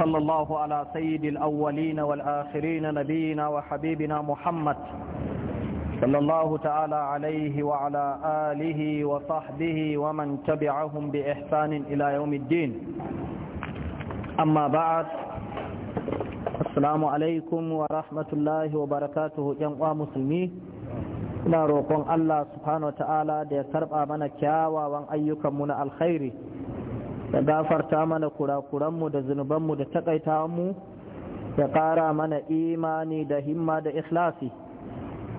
وصلى الله على سيد الأولين والآخرين نبينا وحبيبنا محمد صلى الله تعالى عليه وعلى آله وصحبه ومن تبعهم بإحسان إلى يوم الدين أما بعد السلام عليكم ورحمة الله وبركاته جمع مسلمين لا روقون الله سبحانه وتعالى دي سربا من كياوا وان أيكم من الخير ya gafarta mana kurakuranmu da zunubanmu da takaitawanmu ya ƙara mana imani da himma da ikhlasi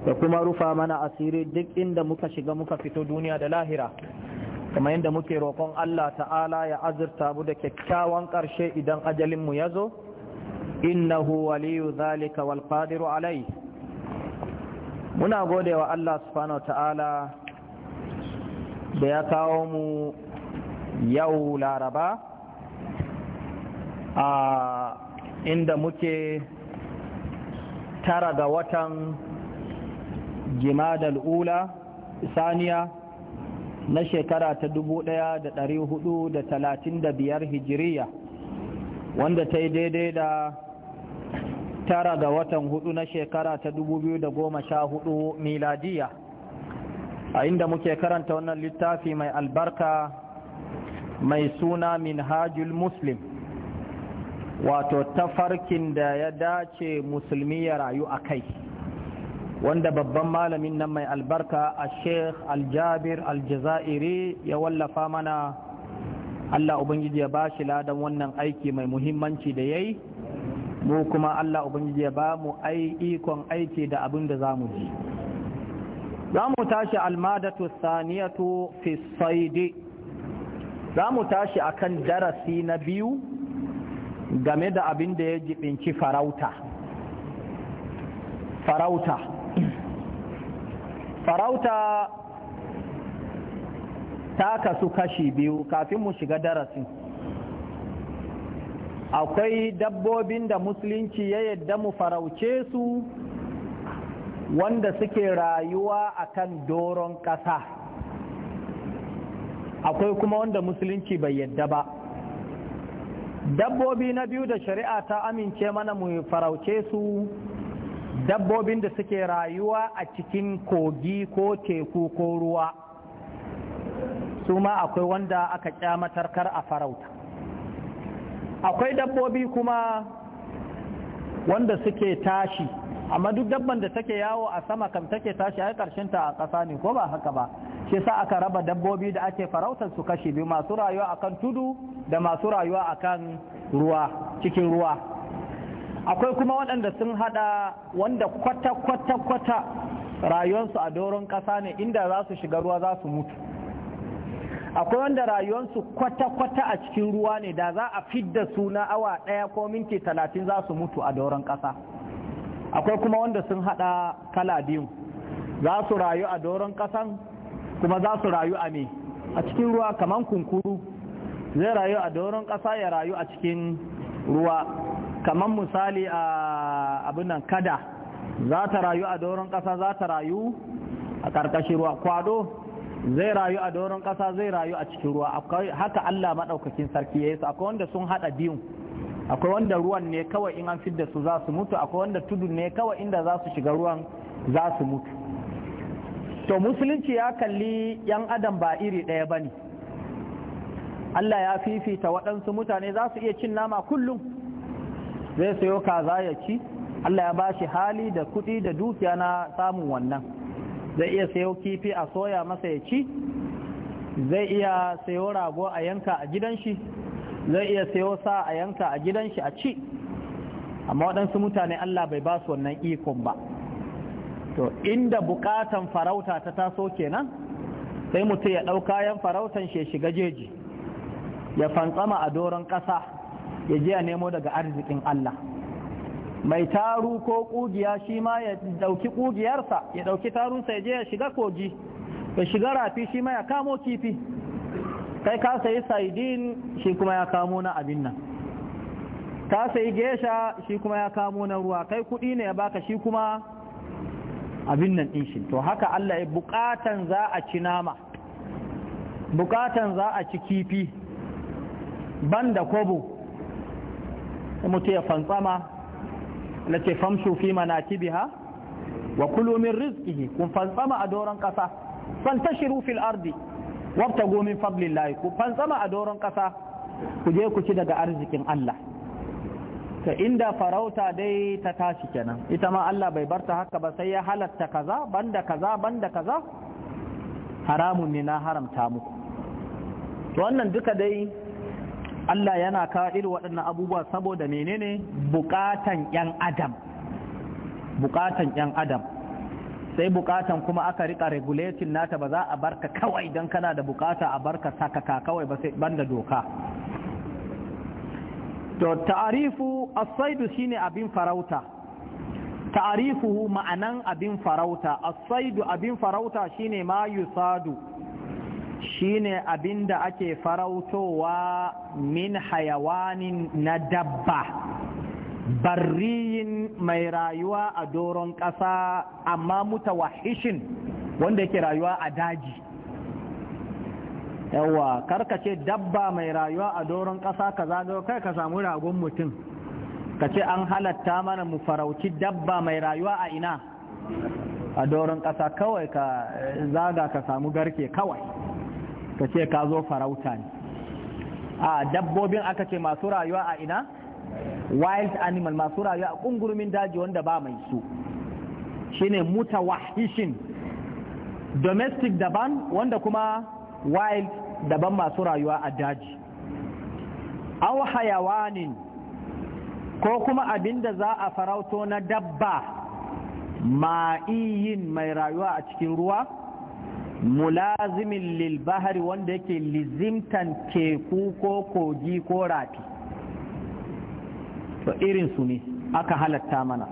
da kuma rufa mana asiri duk inda muka shiga muka fito duniya da lahira kuma inda muke roƙon Allah ta'ala ya azurta mu da kyakkyawan ƙarshe idan ajalinmu ya zo innahu waliyu zalika wal qadiru alai muna gode wa Allah subhanahu ta'ala da ya kawo mu yau laraba a inda muke tara ga watan jimadar ula saniya na shekara ta da biyar hijiriya wanda ta yi daidai da tara ga watan hudu na shekara ta da goma sha hudu miladiya a inda muke karanta wannan littafi mai albarka mai suna minhajul muslim wato tafarkin da ya dace musulmi ya rayu a kai wanda babban malamin nan mai albarka a sheikh aljabir aljazairi ya wallafa mana allah ubangiji ya ba shi ladan wannan aiki mai muhimmanci da ya yi mu kuma allah ubangiji ya ba mu ikon aiki da abin da za mu ji za mu tashi almadatu saniyatu fi saidi za mu tashi akan darasi na biyu game da abin da ya jibinci farauta farauta farauta ta kasu kashi biyu kafin mu shiga darasin akwai dabbobin da musulunci ya yadda mu farauce su wanda suke rayuwa akan doron ƙasa akwai kuma wanda musulunci bai yadda ba dabbobi na biyu da shari'a ta amince mana mu farauce su dabbobin da suke rayuwa a cikin kogi ko teku ko ruwa su ma akwai wanda aka kyamatarkar a farauta akwai dabbobi kuma wanda suke tashi amma duk dabban da take yawo a sama kam take tashi a ƙarshen ta a ƙasa ne ko ba haka ba shi sa aka raba dabbobi da ake farautar su kashi biyu masu rayuwa akan tudu da masu rayuwa akan ruwa cikin ruwa akwai kuma waɗanda sun hada wanda kwata kwata kwata rayuwarsu a doron ƙasa ne inda za su shiga ruwa za su mutu akwai wanda rayuwarsu kwata kwata a cikin ruwa ne da za a fidda su na awa ɗaya ko minti talatin za su mutu a doron ƙasa akwai kuma wanda sun hada kala biyu za su rayu a doron ƙasan kuma za su rayu a me a cikin ruwa kaman kunkuru zai rayu a doron ƙasa ya rayu a cikin ruwa kaman misali a abin kada za ta rayu a doron ƙasa za ta rayu a ƙarƙashin ruwa kwado zai rayu a doron ƙasa zai rayu a cikin ruwa haka Allah maɗaukakin sarki ya yi su akwai wanda sun haɗa biyun akwai wanda ruwan ne kawai in an fidda su za su mutu akwai wanda tudun ne kawai inda za su shiga ruwan za su mutu to musulunci ya kalli yan adam ba iri ɗaya ba ne Allah ya fifita waɗansu mutane za su iya cin nama kullum zai sayo kaza ya ci Allah ya ba shi hali da kuɗi da dukiya na samun wannan zai iya sayo kifi a soya masa ya ci zai iya sayo rago a yanka a gidan shi zai iya sayo sa a yanka a gidan shi a ci amma waɗansu mutane Allah bai ba su wannan ikon ba to inda bukatan farauta ta taso kenan sai mutum ya ɗau kayan farautan shi shiga jeji ya fantsama a doron ƙasa ya je ya nemo daga arzikin Allah mai taru ko ƙugiya shi ma ya ɗauki ƙugiyarsa ya ɗauki tarunsa ya je ya shiga kogi ya shiga rafi shi ma ya kamo kifi kai ka sayi saidin shi kuma ya kamo na abin nan ka sayi gesha shi kuma ya kamo na ruwa kai kuɗi ne ya baka shi kuma abin nan ɗin shi to haka Allah ya bukatan za a ci nama bukatan za a ci kifi banda kobo mutu ya fantsama lake famshu fi manatibiha wa kulu min rizqihi kun fantsama a doron kasa fantashiru fil ardi wabtagu min fadlillahi ku fantsama a doron ƙasa, ku je ku ci daga arzikin Allah ta inda farauta dai ta tashi kenan ita ma Allah bai barta haka ba sai ya halatta kaza banda kaza banda kaza haramun ne na haramta muku to wannan duka dai Allah yana kawo irin waɗannan abubuwa saboda menene bukatan yan adam bukatan yan adam sai bukatan kuma aka rika regulating nata ba za a barka kawai don kana da bukata a barka ka kawai ba sai banda doka to ta'arifu as-saidu shine abin farauta ta'arifu ma'anan abin farauta as-saidu abin farauta shine ma yusadu shine abin da ake farautowa min hayawanin na dabba barriyin mai rayuwa a doron ƙasa amma mutawahishin wanda yake rayuwa a daji yawa karkace dabba mai rayuwa a doron ƙasa ka zago kai ka samu ragon mutum ka ce an halatta mana mu farauci dabba mai rayuwa a ina a doron ƙasa kawai ka eh, zaga ka samu garke kawai ka ce ka zo farauta ne a dabbobin aka ce masu rayuwa a ina wild animal masu rayuwa a ƙungurumin daji wanda ba mai su shine mutawahishin domestic daban wanda kuma wild daban masu rayuwa a daji aw hayawanin ko kuma abinda za a farauto na dabba ma'iyin mai rayuwa a cikin ruwa mulazimin lilbahari wanda yake lizimtan teku ko kogi ko rafi to irin su ne aka halatta mana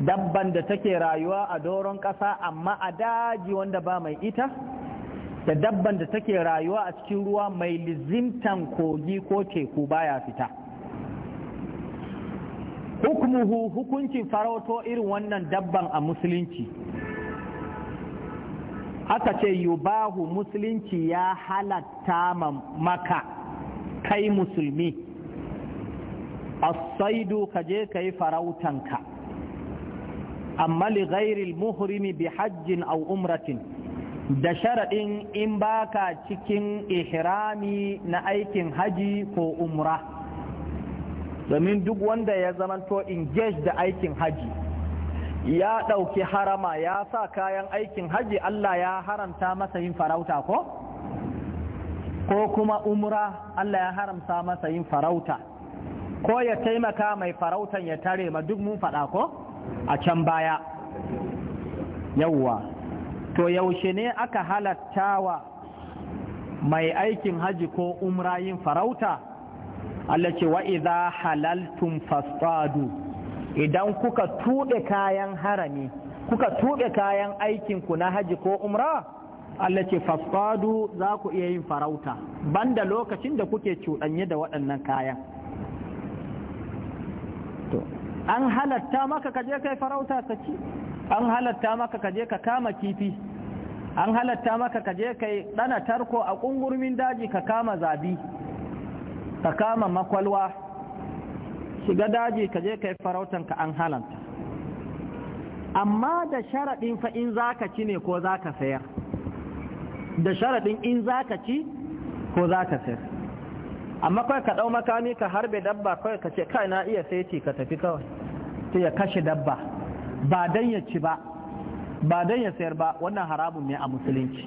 dabban da take rayuwa a doron ƙasa amma a daji wanda ba mai ita da dabban da take rayuwa a cikin ruwa mai lizimtan kogi ko teku baya fita hukumuhu hukuncin farauto irin wannan dabban a musulunci aka ce yubahu musulunci ya halatta maka kai musulmi asaidu ka je ka yi farautanka amma li ghairil muhrimi bi hajjin au umratin da sharaɗin in baka cikin ihrami na aikin haji ko umra domin duk wanda ya zamanto engage da aikin haji ya ɗauki harama ya sa kayan aikin haji Allah ya haramta masa yin farauta ko ko kuma umra Allah ya haramta masa yin farauta ko ya taimaka mai farautan ya tare ma duk mun faɗa ko a can baya yawwa to yaushe ne aka halatta wa mai aikin haji ko umra yin farauta Allah ce wa idza halaltum idan kuka tuɓe kayan harami kuka tuɓe kayan aikin ku na haji ko umra Allah ce fasfadu za ku iya yin farauta banda lokacin da kuke cuɗanye da waɗannan kayan an halatta maka kaje kai farauta ka ci an halatta maka kaje ka kama kifi an halatta maka ka je kai dana tarko a kungurmin daji ka kama zabi ka kama makwalwa shiga daji ka je kai farautanka an halanta amma da sharaɗin fa in zaka ci ne ko zaka sayar da sharaɗin in zaka ci ko zaka sayar amma kawai ka ɗau makami ka harbe dabba kawai ka ce kai na iya saiti ka tafi kawai ta ya kashe dabba ba dan ya ci ba ba don ya sayar ba wannan haramun ne a musulunci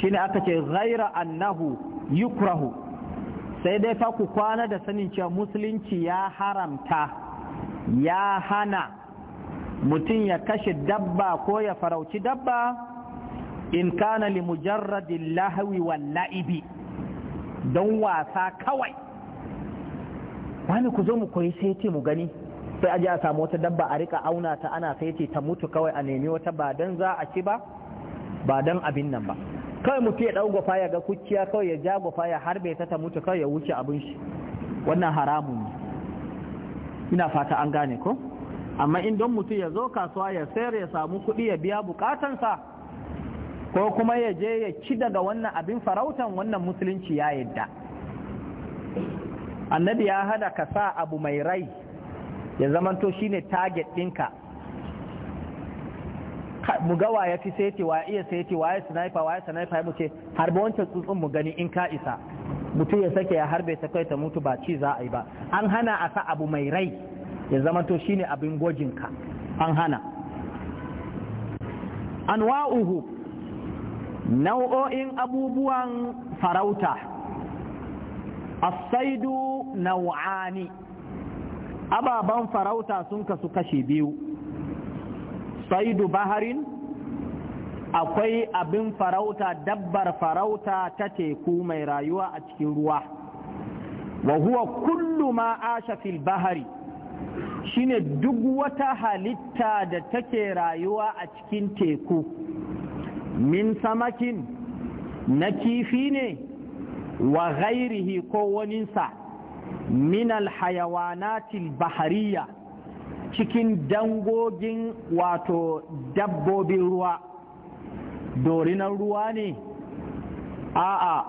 shine aka ce ghaira annahu yukrahu sai dai fa ku kwana da sanin cewa musulunci ya haramta ya hana mutum ya kashe dabba ko ya farauci dabba in kana li mujarradin lahawi wal la'ibi don wasa kawai wani ku zo mu koyi sai mu gani sai aje a samu wata dabba a rika auna ta ana sai ta mutu kawai a nemi wata ba don za a ci ba ba don abin nan ba kawai mutum ya dau gwafa ya ga kuciya kawai ya ja gwafa ya harbe ta ta mutu kawai ya wuce abin shi wannan haramun ne ina fata an gane ko amma in don mutum ya zo kasuwa ya sayar ya samu kuɗi ya biya bukatansa ko kuma ya je ya ci daga wannan abin farautan wannan musulunci ya yadda annabi ya hada ka sa abu mai rai ya zamanto ne target ɗinka mu ga wa ya fi saiti wa iya saiti wa ya sniper wa ya sniper mu ce harba wancan tsuntsun mu gani in ka isa mutum ya sake ya harbe ta kai ta mutu ba ci za a yi ba an hana a sa abu mai rai ya zamanto ne abin gwajinka an hana anwa'uhu nau'o'in abubuwan farauta asaidu nau'ani ababen farauta sun kasu kashe biyu saidu baharin akwai abin farauta dabbar farauta ta teku mai rayuwa a cikin ruwa wa huwa kullu ma asha fil bahari shine duk wata halitta da take rayuwa a cikin teku min samakin na kifi ne wa ghairihi ko waninsa minal hayawanatil bahariya cikin dangogin wato dabbobin ruwa dorinan ruwa ne a'a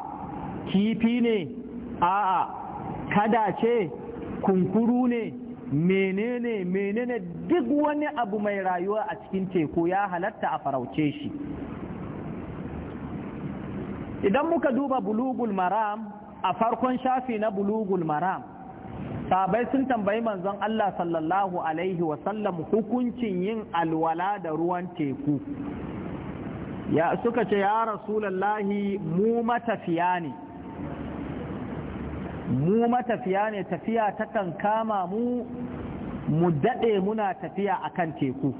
kifi ne a'a kada ce kunkuru ne menene menene duk wani abu mai rayuwa a cikin teku ya halatta a farauce shi idan muka duba bulugul maram a farkon shafi na bulugul maram sabai sun tambayi manzon Allah sallallahu alaihi wasallam hukuncin yin alwala da ruwan teku ya suka ce ya rasulallahi mu matafiya ne mu matafiya ne tafiya takan kama mu mu daɗe muna tafiya akan teku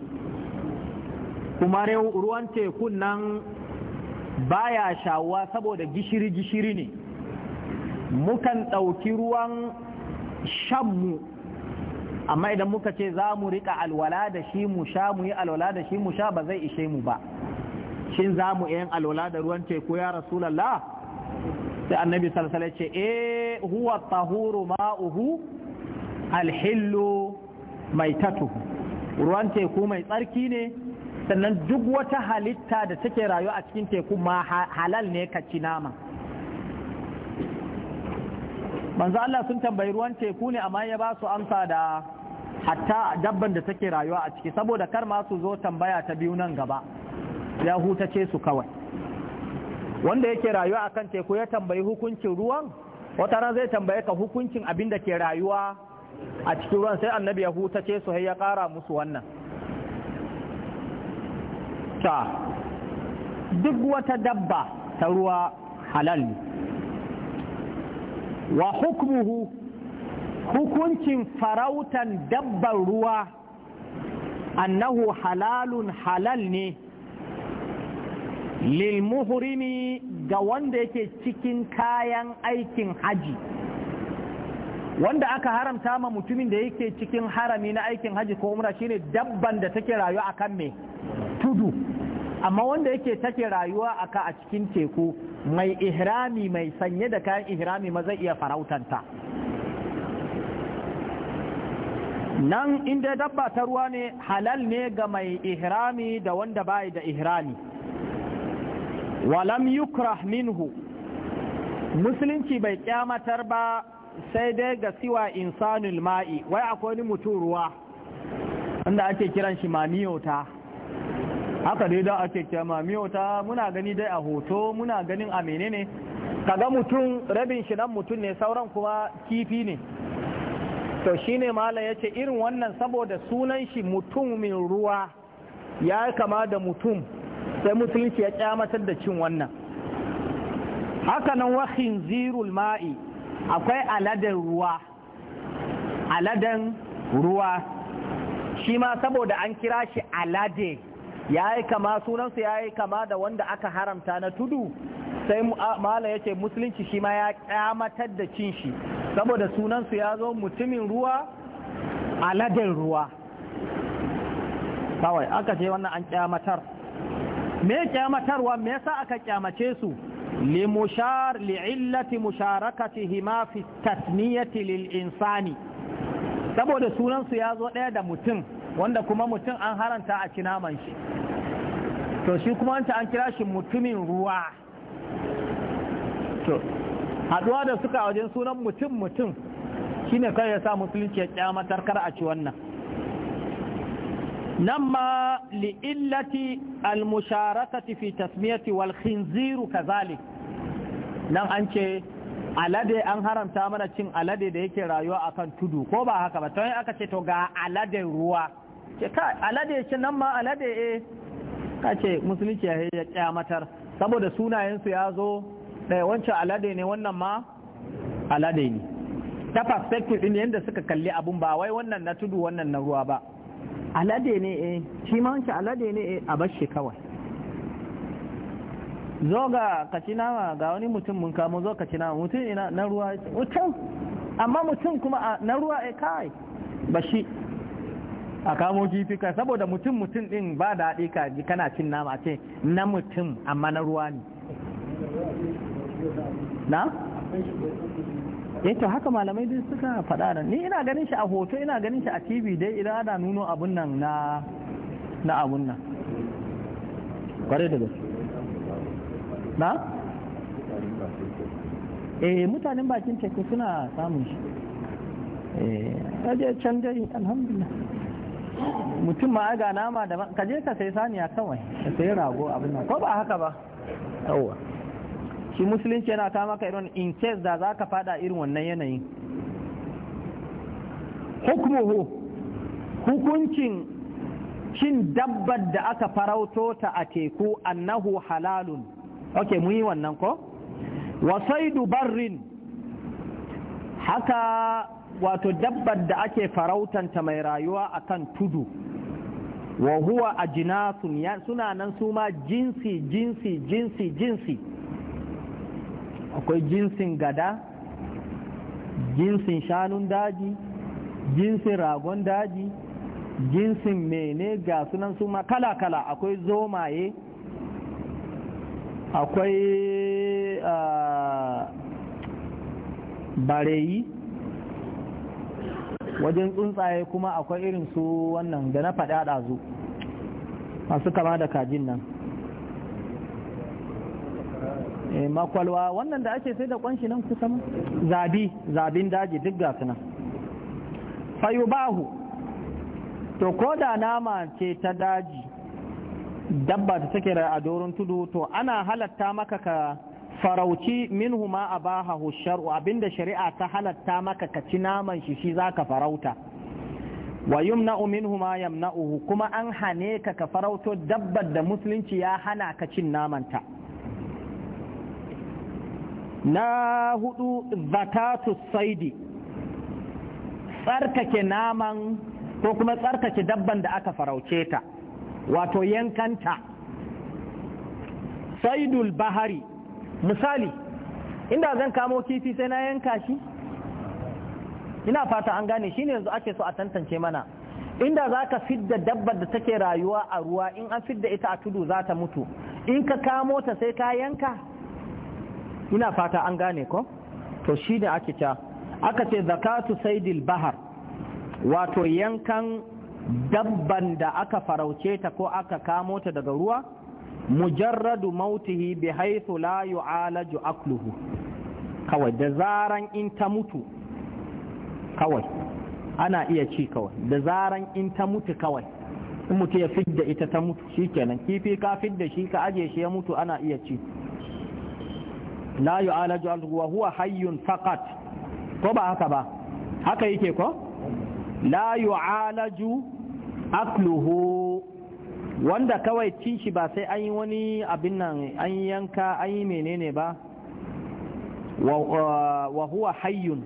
kuma ruwan tekun nan baya shawuwa saboda gishiri-gishiri ne mukan ɗauki ruwan shanmu amma idan muka ce za mu riƙa alwala da shi mu sha mu yi alwala da shi mu sha ba zai ishe mu ba shin za mu yin alwala da ruwan teku ya rasulallah sai annabi salsala ce e huwa tahuru ma'uhu alhillu mai tatu ruwan teku mai tsarki ne sannan duk wata halitta da take rayuwa a cikin teku ma halal ne ka ci nama manzo Allah sun tambayi ruwan teku ne amma ya ba su amsa da hatta dabban da take rayuwa a ciki saboda kar ma su zo tambaya ta biyu nan gaba ya hutace su kawai wanda yake rayuwa akan teku ya tambayi hukuncin ruwan wata ran zai tambaye ka hukuncin abin da ke rayuwa a cikin ruwan sai annabi ya hutace su ya kara musu wannan ta duk wata dabba ta ruwa halal ne wa hukmuhu hukuncin farautan dabbar ruwa annahu halalun halal ne lilmuhrimi ga wanda yake cikin kayan aikin haji wanda aka haramta ma mutumin da yake cikin harami na aikin haji ko umra shine dabban da take rayuwa akan me tudu amma wanda yake take rayuwa aka a cikin teku mai ihrami mai sanye da kayan ihrami ma zai iya farautanta nan inda dabba ta ruwa ne halal ne ga mai ihrami da wanda bai da ihrami walam yukrah minhu musulunci bai kyamatar ba sai dai ga siwa insanul ma'i wai akwai wani mutum ruwa wanda ake kiran shi mamiyota haka dai da ake kyama miyota muna gani dai a hoto muna ganin a menene kaga mutum rabin shi nan mutum ne sauran kuma kifi ne to shine mala ce irin wannan saboda sunan shi mutum mai ruwa ya kama da mutum sai musulunci ya kyamatar da cin wannan haka nan wahin zirul ma'i akwai aladen ruwa aladen ruwa shi ma saboda an kira shi alade ya yi kama sunansa ya yi kama da wanda aka haramta na tudu sai mala ya ce musulunci shi ma ya kyamatar da cin shi saboda sunansu ya zo mutumin ruwa aladen ruwa kawai aka ce wannan an kyamatar me kyamatarwa me yasa aka kyamace su limushar li'illati musharakatihima fi tasmiyati lil'insani saboda sunansu ya zo ɗaya da mutum wanda kuma mutum an haranta a ci naman shi to shi kuma wanta an kira shi mutumin ruwa to haduwa da suka wajen sunan mutum mutum shi ne kai ya sa musulunci ya kyamatar kar a ci wannan nan ma li'illati almusharakati fi tasmiyati wal khinziru kazalik nan an ce alade an haramta mana cin alade da yake rayuwa akan tudu ko ba haka ba ta aka ce to ga aladen ruwa ce ka alade ce nan ma alade eh ka ce musulunci ya kyamatar saboda sunayensu ya zo ɗaya wancan alade ne wannan ma alade ne ta perspective ɗin yadda suka kalli abun ba wai wannan na tudu wannan na ruwa ba alade ne eh shi ma wancan alade ne eh a shi kawai zo ga kaci nama ga wani mutum mun kamo zo kaci nama mutum ina na ruwa mutum amma mutum kuma na ruwa e kai bashi a kamo kifi ka saboda mutum mutum din ba daɗi ka ji kana cin nama ce na mutum amma na ruwa ne na? eh to haka malamai din suka faɗa da ni ina ganin shi a hoto ina ganin shi a tv dai idan ana nuno abun nan na na abun nan kware da gaske na? eh mutanen bakin teku suna samun shi eh can dai alhamdulillah mutum ma aga nama da ka je ka sai saniya kawai ka sai rago abin nan ko ba haka ba yawa shi musulunci yana kama ka irin in case da za ka fada irin wannan yanayin hukumuhu hukuncin cin dabbar da aka farauto ta a teku annahu halalun ok mu yi wannan ko wasaidu barrin haka wato dabbar da ake farautanta mai rayuwa a kan tudu wa huwa jinasun suna nan su ma jinsi jinsi jinsi jinsi akwai jinsin gada jinsin shanun daji jinsin ragon daji jinsin mene ga sunan su ma kala kala akwai zomaye akwai ah, bareyi wajen tsuntsaye kuma akwai irin su wannan da na faɗa ɗazu masu kama da kajin nan e makwalwa wannan da ake sai da kwanshi nan kusan zabi zabin daji duk gasu nan fayubahu to ko da nama ce ta daji dabba da take a doron tudu to ana halatta maka ka farauci minhu ma a bahahu shar'u abinda shari'a ta halatta maka ka ci naman shi shi zaka farauta wa yumna'u minhu ma yamna'uhu kuma an hane ka ka farauto dabbar da musulunci ya hana ka cin namanta na hudu zakatu saidi tsarkake naman ko kuma tsarkake dabban da aka farauce ta wato yankanta saidul bahari misali inda zan kamo kifi sai na yanka shi ina fata an gane shine yanzu ake so a tantance mana inda za ka fidda dabbar da take rayuwa a ruwa in an fidda ita a tudu za ta mutu in ka kamo ta sai ka yanka ina fata an gane ko to shi ne ake ta aka ce zakatu saidil bahar wato yankan dabban da aka farauce ta ko aka kamo ta daga ruwa mujarradu mautihi bi haythu la yu'alaju akluhu kawai da zaran in ta mutu kawai ana iya ci kawai da zaran in ta mutu kawai in mutu ya fidda ita ta mutu shikenan kifi ka fidda shi ka aje shi ya mutu ana iya ci la yu'alaju akluhu wa huwa hayyun faqat ko ba haka ba haka yake ko la yu'alaju akluhu wanda kawai cin shi ba sai an yi wani abin nan an yanka an yi menene ba wa huwa hayyun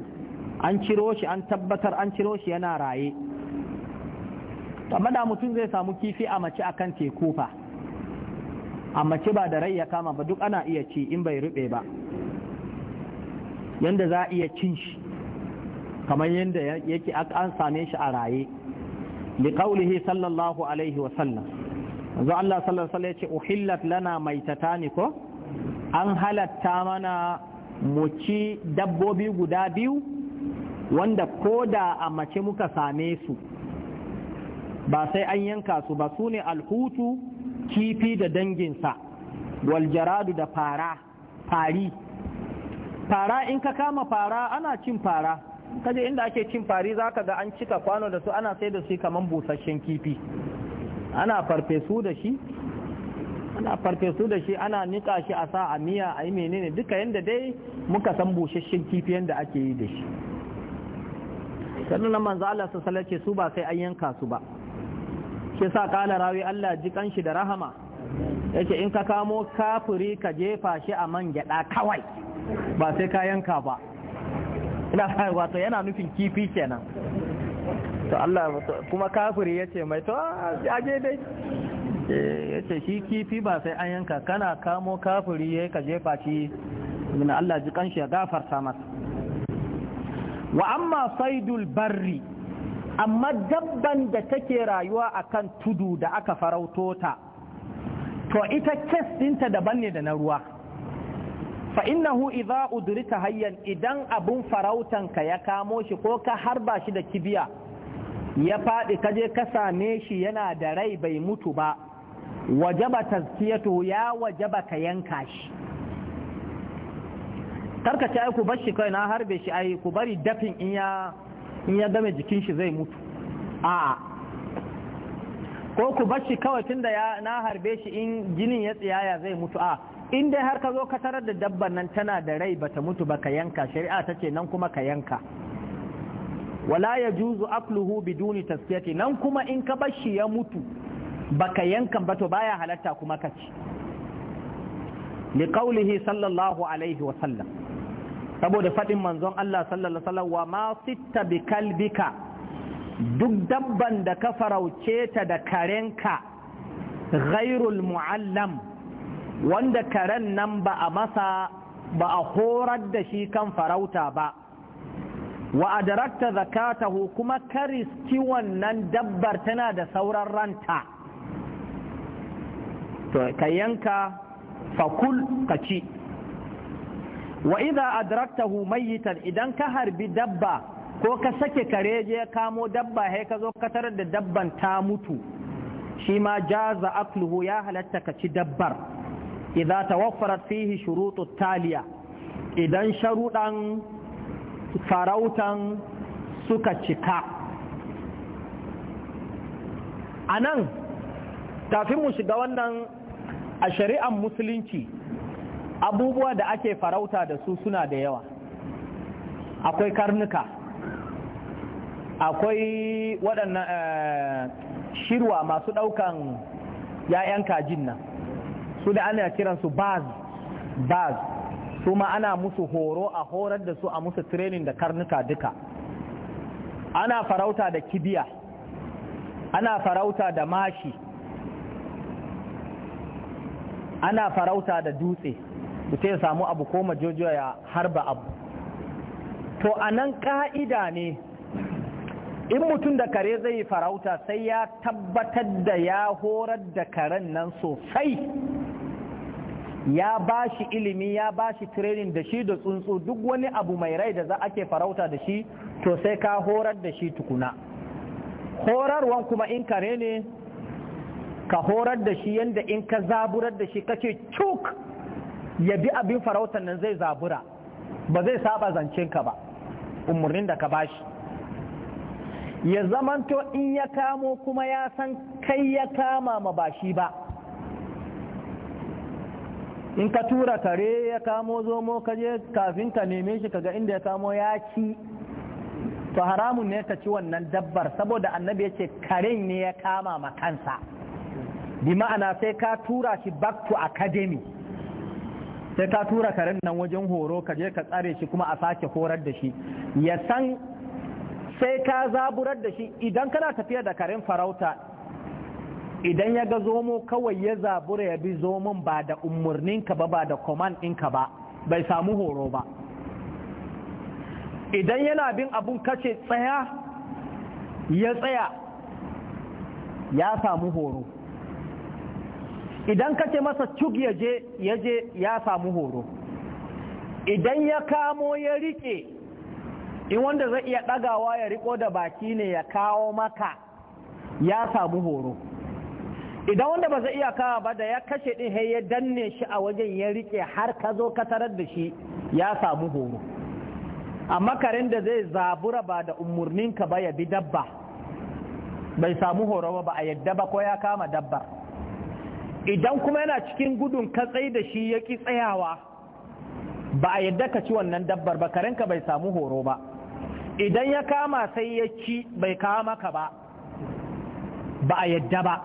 an ciro shi an tabbatar an ciro shi yana raye amma da mutum zai samu kifi a mace akan teku fa a mace ba da rai ya kama ba duk ana iya ci in bai rube ba yanda za a iya cin shi kamar yanda yake an same shi a raye liƙaulihi sallallahu alaihi wasallam yanzu Allah sallallahu alaihi ya ce uhillat lana maitatani ko an halatta mana mu ci dabbobi guda biyu wanda ko da a mace muka same su ba sai an yanka su ba sune alhutu kifi da danginsa waljaradu da fara fari fara in ka kama fara ana cin fara kaje inda ake cin fari zaka ga an cika kwano da su ana sai da su kamar busasshen kifi ana farfesu da shi ana farfesu da shi ana nika shi a sa a miya a yi menene duka yadda dai muka san busasshen kifi yadda ake yi da shi sannan manzo Allah su ce su ba sai an yanka su ba shi sa kala rawi Allah ji shi da rahama yace in ka kamo kafiri ka jefa shi a man gyada kawai ba sai ka yanka ba ina wato yana nufin kifi kenan to Allah kuma kafiri ya ce mai to ah, je dai eh, ya ce shi kifi ba sai an yanka kana kamo kafiri ya ka jefa shi min Allah ji kanshi ya gafarta masa wa amma saidul barri amma dabban da take rayuwa akan tudu da aka farauto ta to ita kes dinta daban ne da na ruwa fa innahu idha udrika hayyan idan abun farautan ka ya kamo shi ko ka harba shi da kibiya ya faɗi kaje ka same shi yana da rai bai mutu ba wajaba tazkiyatu ya wajaba ka yanka shi ce ai ku bashi kai na harbe shi ai ku bari dafin in ya in ya game jikin shi zai mutu a'a ko ku bashi kawai tunda ya na harbe shi in jinin ya tsiyaya zai mutu a in dai har ka zo ka tarar da dabban nan tana da rai bata mutu ba ka yanka shari'a ta ce nan kuma ka yanka wala ya juzu akluhu biduni tasfiyati nan kuma in ka bashi ya mutu baka yankan ba to baya halatta kuma ka ci li qawlihi sallallahu alaihi wa sallam saboda fadin manzon Allah sallallahu alaihi wa sallam wa ma sitta bi kalbika duk dabban da ka farauce ta da karenka ghairul muallam wanda karen nan ba a masa ba a horar da shi kan farauta ba wa adarakta zakatahu kuma kariski wannan dabbar tana da sauran ranta to ka yanka fakul ka ci wa idza adraktahu mayyitan idan ka harbi dabba ko ka sake kare je kamo dabba hai ka zo katar da dabban ta mutu shi ma jaza akluhu ya halatta ka ci dabbar idan tawaffarat fihi shurutu taliya idan sharuɗan farautan suka cika a nan kafin mu shiga wannan a shari'an musulunci abubuwa da ake farauta da su suna da yawa akwai karnuka akwai waɗannan eh, shirwa masu ɗaukan ‘ya'yan kajin nan su da ana kiransu baz baz su ma ana musu horo a horar da su a musu training da karnuka duka ana farauta da kibiya ana farauta da mashi ana farauta da dutse mutum ya samu abu ko majojo ya harba abu to a nan ka'ida ne in mutum da kare zai farauta sai ya tabbatar da ya horar da karen nan sosai ya ba shi ilimi ya ba shi training da shi da tsuntsu duk wani abu mai rai da za ake farauta da shi to sai ka horar da shi tukuna horarwan kuma in kare ne ka horar da shi yadda in ka zaburar da shi kace cuk ya bi abin farautar nan zai zabura ba zai saba zancen ka ba umarnin da ka ba shi. ya zamanto in ya kamo kuma ya san kai ya kama ma ba shi ba in ka tura kare ya kamo zomo ka je kafin ka neme shi kaga inda ya kamo ya ci to haramun ne ka ci wannan dabbar saboda annabi ya ce karen ne ya kama makansa kansa bi ma'ana sai ka tura shi back to academy sai ka tura karen nan wajen horo ka je ka tsare shi kuma a sake horar da shi ya san sai ka zaburar da shi idan kana tafiya da karen farauta idan ya ga zomo kawai ya zabura ya bi zomon ba da umarninka ba ba da command ɗinka ba bai samu horo ba idan yana bin abun kace tsaya ya tsaya ya samu horo idan kace masa cuk ya je ya je ya samu horo idan ya kamo ya rike in wanda zai iya ɗagawa ya riko da baki ne ya kawo maka ya samu horo idan wanda ba zai iya ba da ya kashe din ya danne shi a wajen ya rike har ka zo ka tarar da shi ya samu horo amma karen da zai zabura ba da umarninka ba ya bi dabba bai samu horo ba a yadda ba ko ya kama dabbar idan kuma yana cikin gudun ka tsai da shi ya ki tsayawa ba a yadda ka ci wannan dabbar ba karenka bai samu horo ba idan ya kama sai ya ci bai kama maka ba ba a yadda ba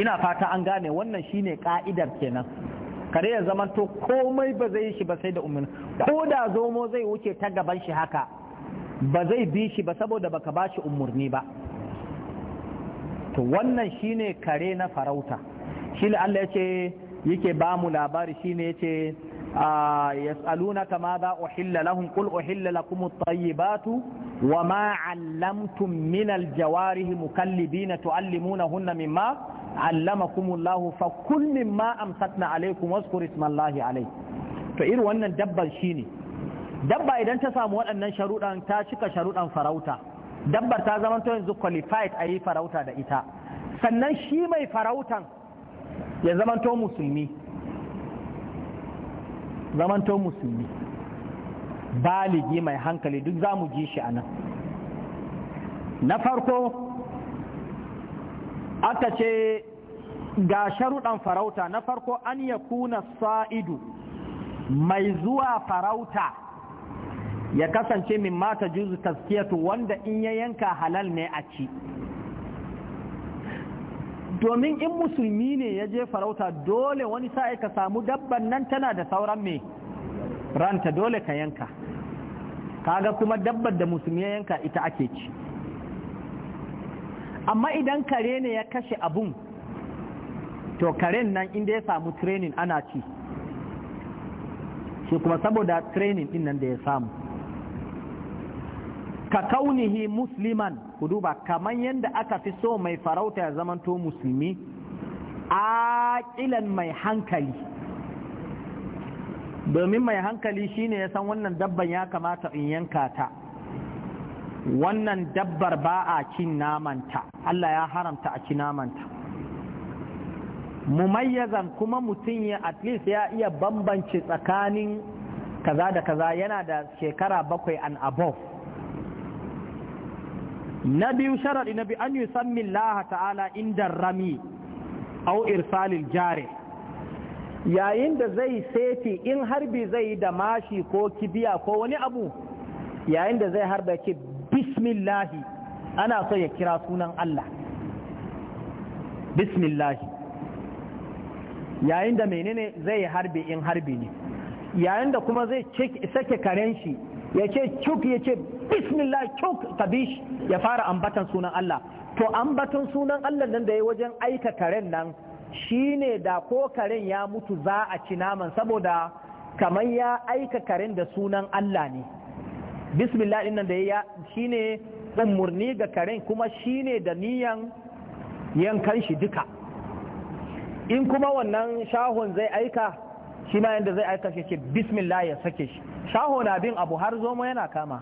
ina fata an gane wannan shine ka'idar kenan kare ya zamanto komai ba zai shi ba sai da umarni ko da zomo zai wuce ta gaban shi haka ba zai bi shi ba saboda baka ba shi umarni ba to wannan shine kare na farauta shi Allah ya ce yake ba mu labari shine ya ce yas'alunaka ma za uhilla lahum qul uhilla lakum at-tayyibatu wa ma 'allamtum min al-jawarihi mukallibina tu'allimunahunna mimma 'allamakum Allah fa kul mimma amsakna alaykum wazkur ismallahi alayh to irin wannan dabbar ne dabba idan ta samu waɗannan sharuɗan ta cika sharuɗan farauta dabbar ta zama yanzu qualified a yi farauta da ita sannan shi mai farautan ya zama musulmi zamanto musulmi baligi mai hankali duk za mu ji shi a nan na farko aka ce ga sharuɗan farauta na farko an ya kuna sa'idu mai zuwa farauta ya kasance min mata juzu taskiyatu wanda in ya yanka halal ne a ci domin in musulmi ne ya je farauta dole wani sa'i ka samu dabban nan tana da sauran mai ranta dole ka yanka kaga kuma dabbar da musulmi ya yanka ita ake ci amma idan kare ne ya kashe abun to karen nan inda ya samu training ana ci shi kuma saboda training din nan da ya samu ka kaunihi musliman ku duba kamar yadda aka fi so mai farauta ya zamanto musulmi ƙilan mai hankali domin mai hankali shine ya san wannan dabban ya kamata in yanka ta wannan dabbar ba a cin namanta Allah ya haramta a ci namanta mumayyazan kuma mutum ya at least ya iya bambance tsakanin kaza da kaza yana da shekara bakwai an above na biyu sharaɗi na biyu an yi sammin laha ta'ala inda rami au irsalil jare yayin da zai sefi in harbi zai yi da mashi ko kibiya ko wani abu yayin da zai harba ke bismillahi ana so ya kira sunan Allah bismillahi yayin da menene zai harbi in harbi ne yayin da kuma zai sake karen shi ya ce cuk ya ce bismillah cuk tabish ya fara ambatan sunan Allah to ambatan sunan Allah nan da ya wajen aika karen nan shine da ko karen ya mutu za a ci naman saboda kamar ya aika karen da sunan Allah ne bismillah din nan da ya shine umurni ga karen kuma shine da niyan yankan shi duka in kuma wannan shahon zai aika shi ma yadda zai aika shi ce bismillah ya sake shi shaho na bin abu har zomo yana kama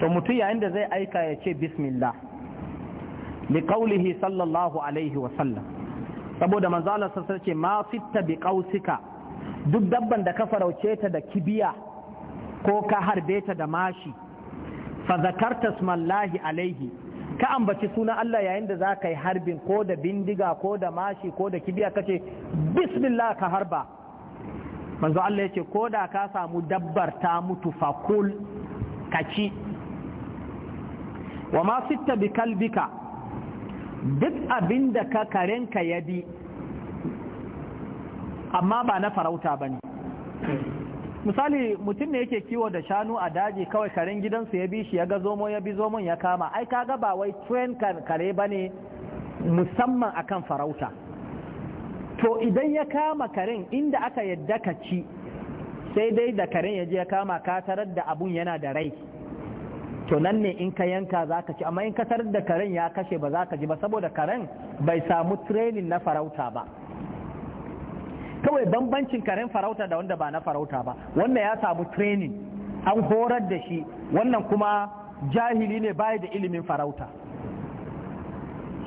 to mutum yayin da zai aika ya ce bismillah bi qawlihi sallallahu alaihi wa sallam saboda manzo Allah sai ce ma fitta bi qausika duk dabban da ka farauce ta da kibiya ko ka harbe ta da mashi fa zakarta smallahi alaihi ka ambaci suna Allah yayin da za ka yi harbin ko da bindiga ko da mashi ko da kibiya ka ce bismillah ka harba manzo Allah ya ce ko da ka samu dabbar ta mutu fakul ka ci wa ma sitta bi kalbika duk abin da ka karenka ya bi amma ba na farauta ba ne misali mutum ne yake kiwo da shanu a daji kawai karen gidansu ya bi shi ya ga zomo ya bi zomon ya kama ai kaga ba wai train kare ba ne musamman akan farauta to idan ya kama karen inda aka yadda ka ci sai dai da karen ya je ya kama ka tarar da abun yana da rai to nan ne in ka yanka za ka ci amma in ka tarar da karen ya kashe ba za ka ji ba saboda karen bai samu training na farauta ba kawai bambancin karen farauta da wanda ba na farauta ba wannan ya samu training an horar da shi wannan kuma jahili ne baya da ilimin farauta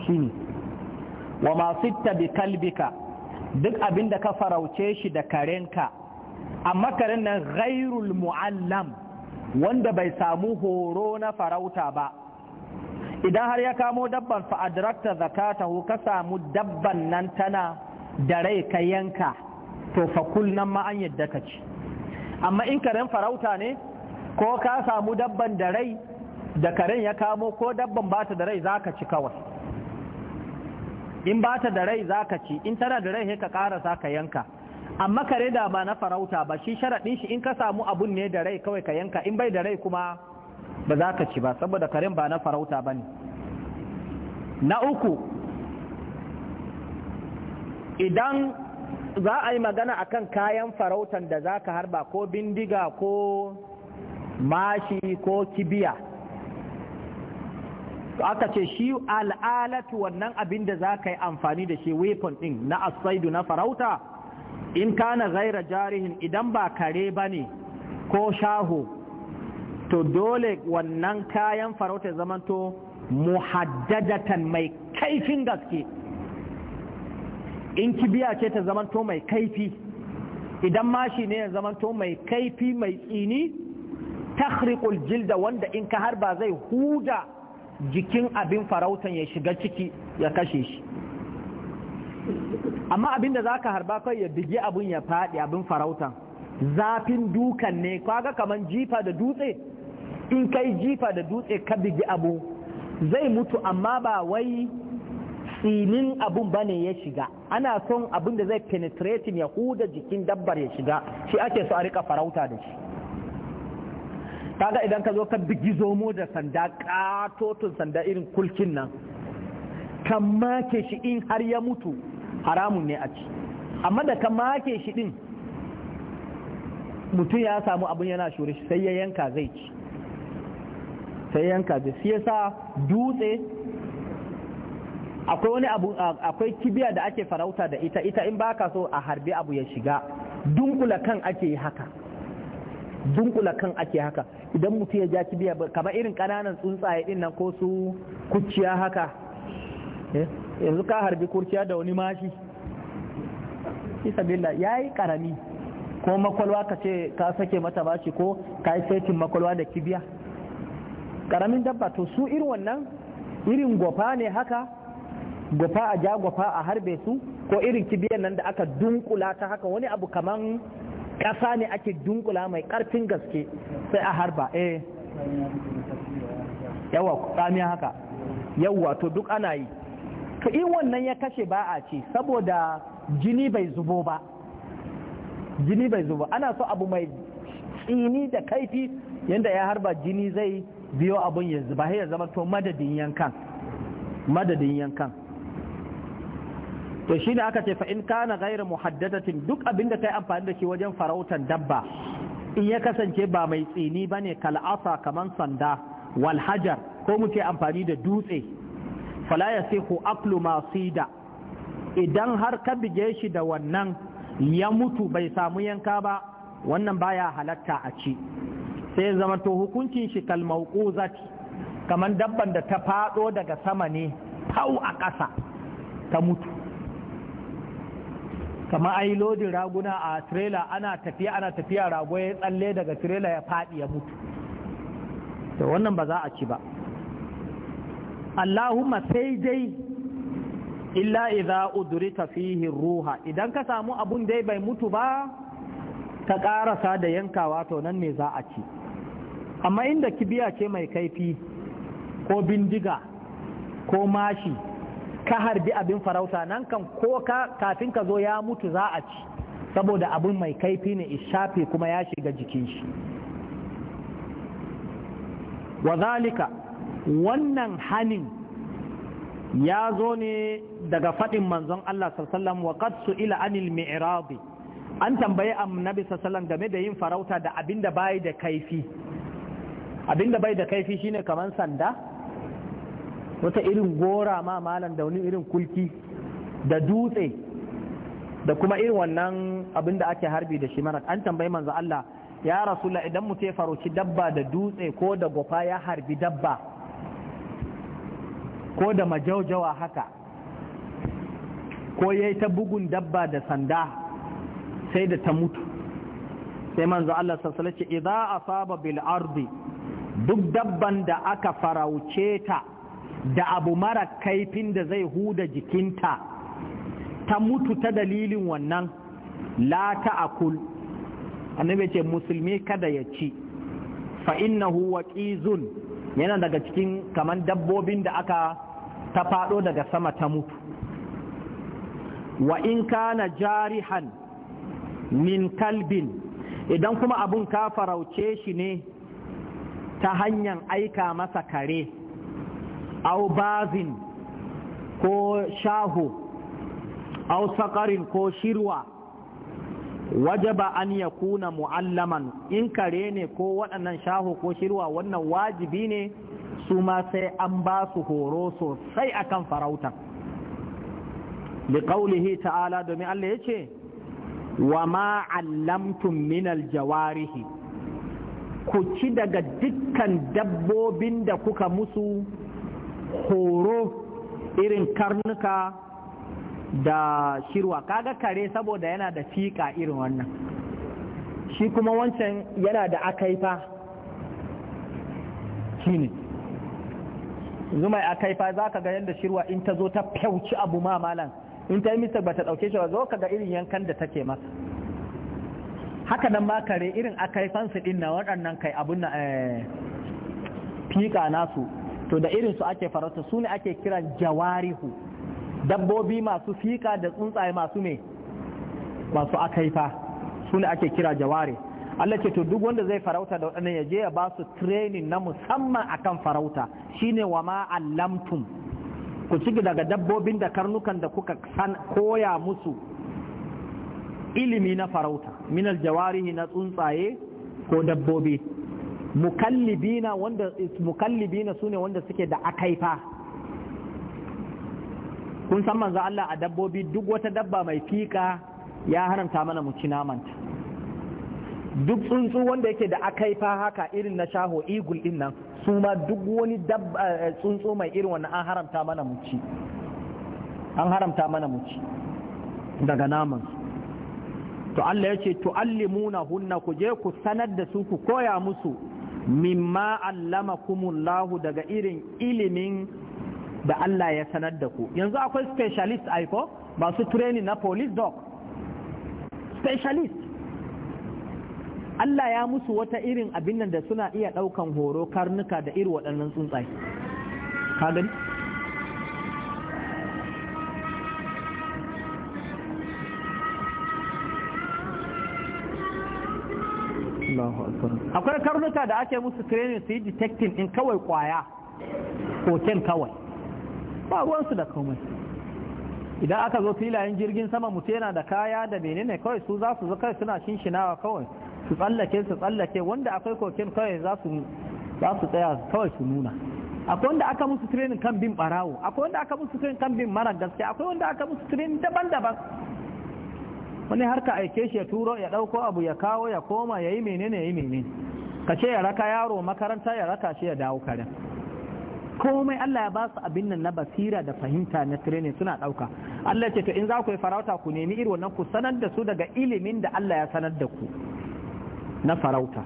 shine wa masu bi kalbika duk abin da ka farauce shi da karenka amma karen nan ghairul mu'allam wanda bai samu horo na farauta ba idan har ya kamo dabban adrakta zakatahu ka samu dabban nan tana da rai ka yanka to fa kullum ma an yadda ka ci amma in karen farauta ne ko ka samu dabban da rai da karen ya kamo ko dabban bata da rai za ka ci kawai in bata da rai za ka ci in tana da rai ka karasa ka yanka amma kare da ba na farauta ba shi sharaɗin shi in ka samu abun ne da rai kawai ka yanka in bai da rai kuma ba za ka ci ba saboda karen ba na farauta ba ne na uku idan za a yi magana akan kayan farautan da za ka harba ko bindiga ko mashi ko kibiya aka ce shi al'alatu wannan abin da za ka yi amfani da shi weapon ɗin na asaidu na farauta in kana gaira jarihin idan ba kare ba ne ko shahu to dole wannan kayan farauta zamanto muhaddadatan mai kaifin gaske in kibiya ce ta zamanto mai kaifi idan mashi ne ya zamanto mai kaifi mai tsini tahrikul jilda wanda in ka harba zai huda jikin abin farautan ya shiga ciki ya kashe shi amma abin da za ka harba kai ya bigi abin ya faɗi abin farautan zafin dukan ne kaga kamar jifa da dutse in kai jifa da dutse ka bigi abu zai mutu amma ba wai tsinin abun bane ya shiga ana son abun da zai penetrating ya huda jikin dabbar ya shiga shi ake so a rika farauta da shi kaga idan ka zo ka bigi zomo da sanda katotun sanda irin kulkin nan kan make shi in har ya mutu haramun ne a ci amma da kan make shi din mutum ya samu abun yana shuri sai ya yanka zai ci sai yanka zai sai yasa dutse akwai wani abu akwai kibiya da ake farauta da ita ita in baka so a harbi abu ya shiga dunkula kan ake haka dunkula kan ake haka idan mutum ya ja kibiya kamar irin kananan tsuntsaye din nan ko su kuciya haka eh, yanzu ka harbi kurciya da wani mashi isabilla ya yi karami ko makwalwa ka ce ka sake mata bashi ko ka yi saitin makwalwa da kibiya karamin dabba to su irin wannan irin gofa ne haka gwafa a ja gwafa a harbe su ko irin kibiyan nan da aka dunkula ta haka wani abu kaman ƙasa ne ake dunkula mai karfin gaske sai a harba eh yawa tsamiya haka yawa to duk ana yi to in wannan ya kashe ba a ci saboda jini bai zubo ba jini bai zubo ana so abu mai tsini da kaifi yadda ya harba jini zai biyo abun ya zuba ya zama to madadin yankan madadin yankan to shi aka ce fa in kana gaira muhaddadatin duk abin da ta yi amfani da shi wajen farautan dabba in ya kasance ba mai tsini ba ne kal'asa kamar sanda walhajar ko muke amfani da dutse fala ya sihu aklu masida idan har ka bige shi da wannan ya mutu bai samu yanka ba wannan baya halatta a ci sai zama to hukuncin shi zati kamar dabban da ta fado daga sama ne tau a ƙasa ta mutu kama yi lodin raguna a tirela ana tafiya ana tafiya rago ya tsalle daga tirela ya faɗi ya mutu da wannan ba za a ci ba Allahumma sai dai illa idza udrika fihi ruha idan ka samu abun dai bai mutu ba ka karasa da yankawa to nan ne za a ci amma inda kibiya ce mai kaifi ko bindiga ko mashi ka harbi abin farauta nan kan ko ka kafin ka zo ya mutu za a ci saboda abin mai kaifi ne ishafe kuma ya shiga jikin shi wazalika wannan hanin ya zo ne daga faɗin manzon Allah sallallahu wa qad su'ila anil mi'rab an tambaye annabi sallallahu game da yin farauta da abinda bai da kaifi abinda bai da kaifi shine kaman sanda wata irin gora ma malam da wani irin kulki da dutse da kuma irin wannan abin da ake harbi da shi mara an tambayi manzo Allah ya rasula idan mu ya faruci dabba da dutse ko da gofa ya harbi dabba ko da majaujawa haka ko ya yi ta bugun dabba da sanda sai da ta mutu sai manzo Allah sassale ce idza asaba bil ardi duk dabban da aka farauce ta da abu mara kaifin da zai huda jikinta ta mutu ta dalilin wannan la akul annabi ce musulmi kada ya ci fa innahu waqizun yana daga cikin kaman dabbobin da aka ta fado daga sama ta mutu wa in kana jarihan min kalbin idan kuma abun ka farauce shi ne ta hanyar aika masa kare au bazin ko shahu au sakarin ko shirwa wajaba an ya kuna mu'allaman in kare ne ko waɗannan shahu ko shirwa wannan wajibi ne su ma sai an ba su horo sosai akan farautar liƙaulihi ta'ala domin Allah ya ce wa ma'allamtun minal jawarihi ku ci daga dukkan dabbobin da kuka musu horo irin karnuka da shirwa kaga kare saboda yana da fiƙa irin wannan shi kuma wancan yana da akaifa shine zuma akaifa za ka ga yadda shirwa in ta zo ta fyauci abu ma malam in ta yi mista ba ta ɗauke shi ba zo ka ga irin yankan da take masa haka nan ma kare irin akaifansu din na waɗannan kai abun na eh, fiƙa nasu to da irin su ake farauta su ne ake kira jawarihu dabbobi masu fika da tsuntsaye masu ne masu akaifa su ne ake kira jawari Allah ce to duk wanda zai farauta da waɗannan yaje ya ba su training na musamman akan farauta shine wa ma allamtum ku ci daga dabbobin da karnukan da kuka san koya musu ilimi na farauta minal jawarihi na tsuntsaye ko dabbobi mukallibina wanda ne wanda suke da akaifa kun san manzo Allah a dabbobi duk wata dabba mai fika ya haramta mana mu ci namanta duk tsuntsu wanda yake da akaifa haka irin na shaho igul din nan su ma duk wani dabba eh, tsuntsu mai irin wannan an haramta mana mu ci an haramta mana mu ci daga naman to Allah ya ce tu'allimuna hunna ku je ku sanar da su ku koya musu mimma kumullahu daga irin ilimin da Allah ya sanar da ku yanzu akwai specialist aiko masu training na police doc, specialist Allah ya musu wata irin abin nan da suna iya ɗaukan horo karnuka da irin waɗannan tsuntsaye ka akwai karnuka da ake musu training su yi detecting in kawai kwaya koken kawai ba ruwansu da komai idan aka zo filayen jirgin sama mutu yana da kaya da menene kawai su za su zo kai suna shinshinawa kawai su tsallake su tsallake wanda akwai koken kawai za su tsaya kawai su nuna akwai wanda aka musu training kan bin barawo akwai wanda aka musu training kan bin mara gaske akwai wanda aka musu training daban-daban wani har ka aike shi ya turo ya ɗauko abu ya kawo ya koma ya yi menene ya yi menene ka ce ya raka yaro makaranta ya raka shi ya dawo karen komai Allah ya ba su abin nan na basira da fahimta na training suna ɗauka Allah ce to in za ku yi farauta ku nemi irin wannan ku sanar da su daga ilimin da Allah ya sanar da ku na farauta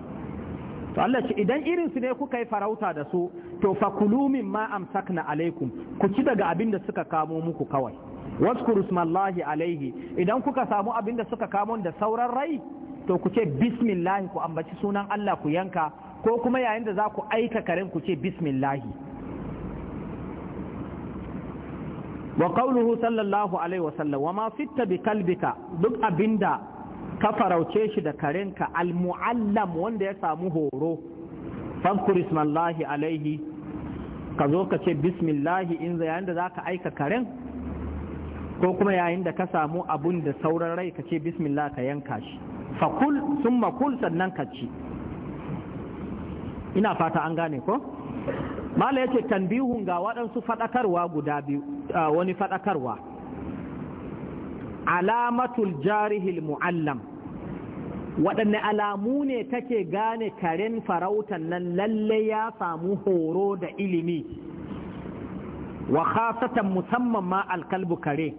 to Allah ce idan irin su ne kuka yi farauta da su to fakulumin ma amsakna alaikum ku ci daga abin da suka kamo muku kawai waskuru smallahi alaihi idan kuka samu abin da suka kamo da sauran rai to ku ce bismillahi ku ambaci sunan Allah ku yanka ko kuma yayin da za ku aika karen ku ce bismillahi wa qawluhu sallallahu alaihi wa sallam wa ma fitta bi kalbika duk abinda ka farauce shi da karenka al muallam wanda ya samu horo fadkur ismallahi alaihi ka zo ka ce bismillahi in yayin da zaka aika karen ko kuma yayin da ka samu abun da sauran rai ka ce bismillah ka yanka shi fakul sun makul sannan ka ci ina fata an gane ko mala ya ce tanbihun ga waɗansu faɗakarwa guda biyu wani faɗakarwa alamatul jarihil mu'allam waɗanne alamu ne kake gane karen farautan nan lalle ya samu horo da ilimi wa khasatan musamman ma alkalbu kare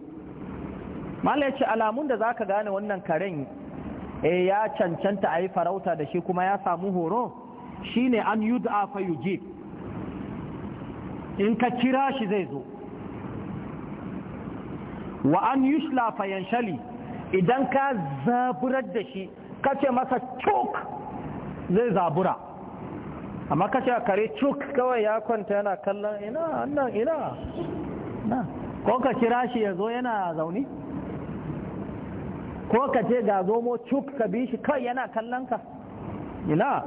mala ya ce alamun da za ka gane wannan karen e ya cancanta a yi farauta da shi kuma ya samu horo shi ne an yi yud'a fa yujib in ka kira shi zai zo wa an yushla fa yanshali idan ka zaburar da shi ka ce masa cok zai zabura amma ka ce kare cok kawai ya kwanta yana kallon ina annan ina ko ka kira shi ya zo yana zaune ko ka ce ga zomo cuk ka bi shi kai yana kallon ka ina